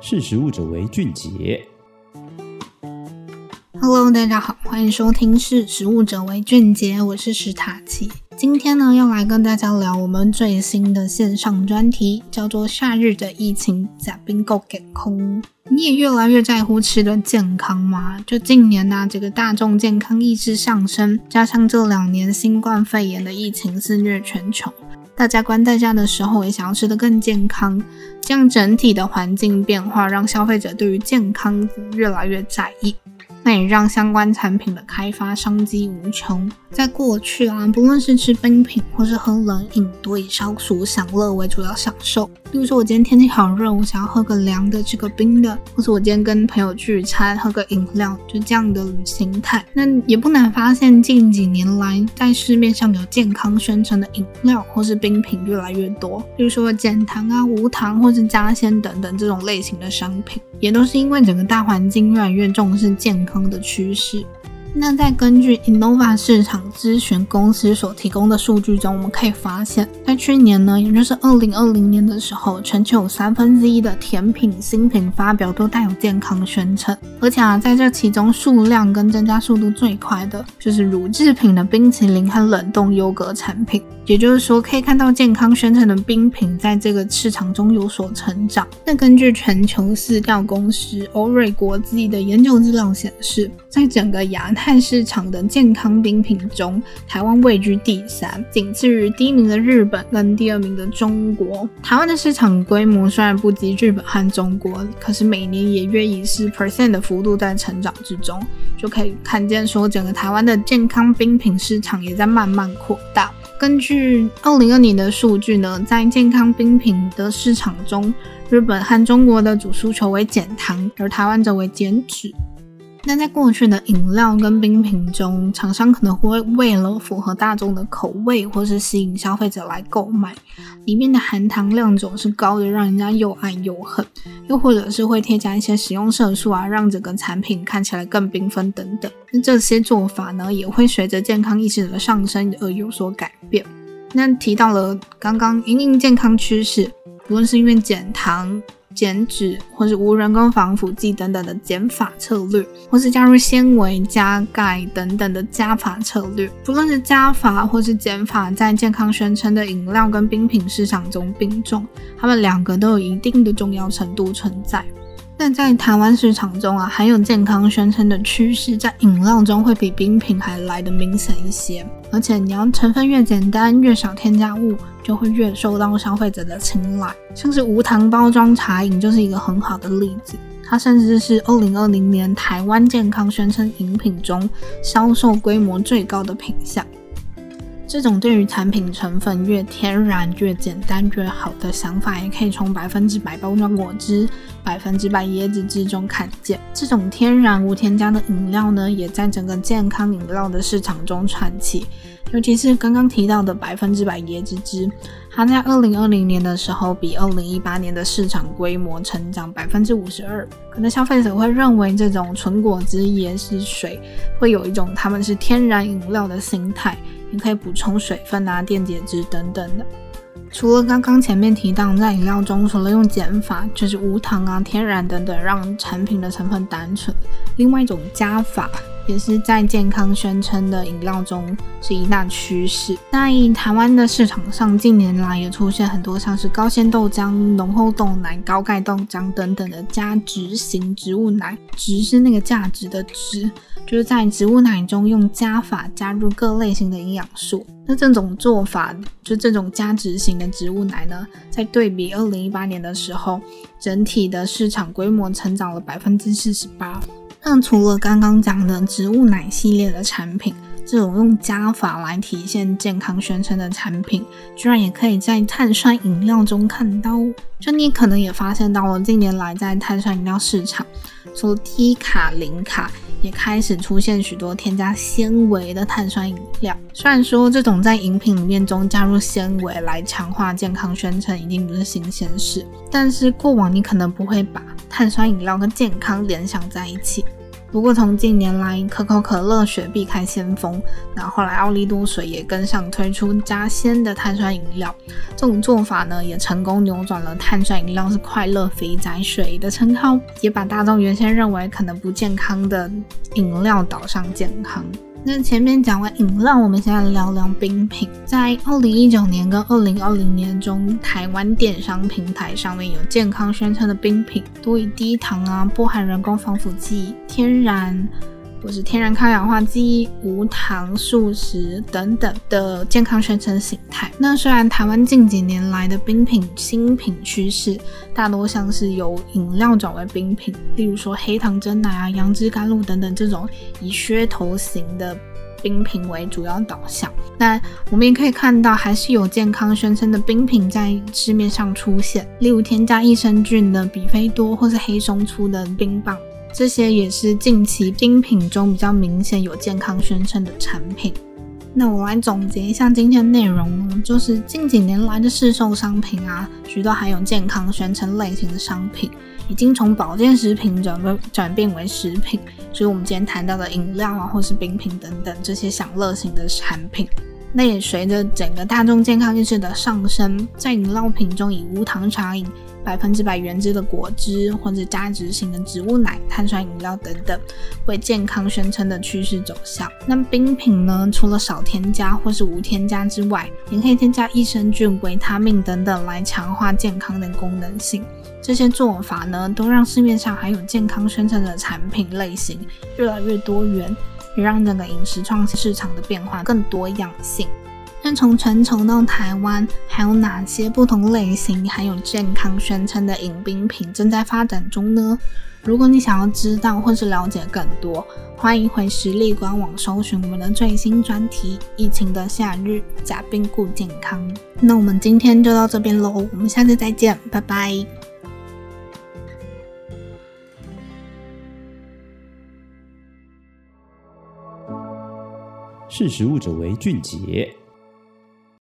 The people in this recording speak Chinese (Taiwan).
識食物者為俊傑。Hello，大家好，歡迎收聽識食物者為俊傑，我是食塔奇。今天呢，要來跟大家聊我們最新的線上專題，叫做《夏日的疫情，呷冰顧健康》。你也越來越在乎吃的健康嗎？就近年吶、啊，這個大眾健康意識上升，加上這兩年新冠肺炎的疫情肆虐全球。大家關在家的時候，也想要吃得更健康，這樣整體的環境變化，讓消費者對於健康越來越在意，那也讓相關產品的開發商機無窮。在過去啊，不論是吃冰品或是喝冷飲，多以消暑享樂為主要享受。比如說我今天天氣好熱，我想要喝個涼的，吃個冰的，或者我今天跟朋友聚餐，喝個飲料，就這樣的形態。那也不難發現，近幾年來在市面上有健康宣稱的飲料或是冰品越來越多。比如說減糖啊、無糖或是加纖等等這種類型的商品，也都是因為整個大環境越來越重視健康的趨勢。那在根據 Innova 市場諮詢公司所提供的數據中，我們可以發現，在去年呢，也就是二零二零年的時候，全球有三分之一的甜品新品發表都帶有健康宣稱。而且啊，在這其中數量跟增加速度最快的就是乳製品的冰淇淋和冷凍優格產品。也就是說，可以看到健康宣稱的冰品在這個市場中有所成長。那根據全球市調公司歐瑞國際的研究資料顯示，在整個亞。亞太市場的健康冰品中，台灣位居第三，僅次於第一名的日本跟第二名的中國。台灣的市場規模雖然不及日本和中國，可是每年也約以十 percent 的幅度在成長之中，就可以看見說整個台灣的健康冰品市場也在慢慢擴大。根據二零二零年的數據呢，在健康冰品的市場中，日本和中國的主訴求為減糖，而台灣則為減脂。那在過去的飲料跟冰品中，廠商可能會為了符合大眾的口味或是吸引消費者來購買，裡面的含糖量總是高的，讓人家又愛又恨，又或者是會添加一些食用色素啊，讓整個產品看起來更繽紛等等。那這些做法呢，也會隨着健康意識的上升而有所改變。那提到了剛剛因應健康趨勢。無論是因為減糖、減脂，或是無人工防腐劑等等的減法策略，或是加入纖維、加鈣等等的加法策略，不論是加法或是減法，在健康宣稱的飲料跟冰品市場中並重，它們兩個都有一定的重要程度存在。但在台灣市場中啊，含有健康宣稱的趨勢在飲料中會比冰品還來得明顯一些。而且，你要成分越簡單、越少添加物，就會越受到消費者的青睞。甚至無糖包裝茶飲就是一個很好的例子。它甚至是二零二零年台灣健康宣稱飲品中銷售規模最高的品項。這種對於產品成分越天然越簡單越好的想法，也可以從百分之百包裝果汁、百分之百椰子汁中看見。這種天然無添加的飲料呢，也在整個健康飲料的市場中竄起。尤其是剛剛提到的百分之百椰子汁，它在二零二零年的時候，比二零一八年的市場規模成長百分之五十二。可能消費者會認為這種純果汁、椰子水，會有一種他們是天然飲料的心態。你可以補充水分啊、電解質等等的。除了剛剛前面提到，在飲料中除了用減法，就是無糖啊、天然等等，讓產品的成分單純。另外一種加法。也是在健康宣稱的飲料中是一大趨勢。在台灣的市場上，近年來也出現很多像是高纖豆漿、濃厚豆奶、高鈣豆漿等等的加值型植物奶。值是那個價值的值，就是在植物奶中用加法加入各類型的營養素。那這種做法，就這種加值型的植物奶呢，在對比二零一八年的時候，整體的市場規模成長了百分之四十八。那除了剛剛講的植物奶系列的產品，這種用加法來體現健康宣稱的產品，居然也可以在碳酸飲料中看到。就你可能也發現到了，近年來在碳酸飲料市場，說低卡、零卡。也開始出現許多添加纖維的碳酸飲料。雖然說這種在飲品裡面中加入纖維來強化健康宣稱，一定不是新鮮事，但是過往你可能不會把碳酸飲料跟健康聯想在一起。不過，從近年來可口可樂、雪碧開先鋒，那後來奧利多水也跟上推出加纖的碳酸飲料，這種做法呢，也成功扭轉了碳酸飲料是快樂肥宅水的稱號，也把大眾原先認為可能不健康的飲料導向健康。那前面講完飲料，我們現在聊聊冰品。在二零一九年跟二零二零年中，台灣電商平台上面有健康宣稱的冰品，多以低糖啊、不含人工防腐劑、天然。或是天然抗氧化劑、無糖素食等等的健康宣稱形態。那雖然台灣近幾年來的冰品新品趨勢，大多像是由飲料轉為冰品，例如說黑糖珍奶啊、楊枝甘露等等這種以噱頭型的冰品為主要導向。那我們也可以看到，還是有健康宣稱的冰品在市面上出現，例如添加益生菌的比菲多或是黑松出的冰棒。這些也是近期冰品中比較明顯有健康宣稱的產品。那我來總結一下今天內容，就是近幾年來的市售商品啊，許多含有健康宣稱類型的商品，已經從保健食品轉變轉變為食品，所以我們今天談到的飲料啊，或是冰品等等這些享樂型的產品。那也隨着整個大眾健康意識的上升，在飲料品中以無糖茶飲、百分之百原汁的果汁或者加值型的植物奶、碳酸飲料等等為健康宣稱的趨勢走向。那麼冰品呢？除了少添加或是無添加之外，也可以添加益生菌、維他命等等來強化健康的功能性。這些做法呢，都讓市面上含有健康宣稱的產品類型越來越多元。讓整個飲食創新市場的變化更多樣性。那從全球到台灣，還有哪些不同類型、含有健康宣稱的飲冰品正在發展中呢？如果你想要知道或是了解更多，歡迎回食力官網搜尋我們的最新專題《疫情的夏日，呷冰顧健康》。那我們今天就到這邊嘍，我們下次再見，拜拜。識食物者為俊傑。